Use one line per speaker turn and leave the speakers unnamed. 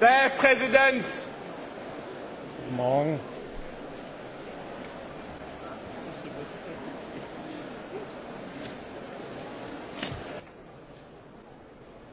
Der Präsident!
Morgen.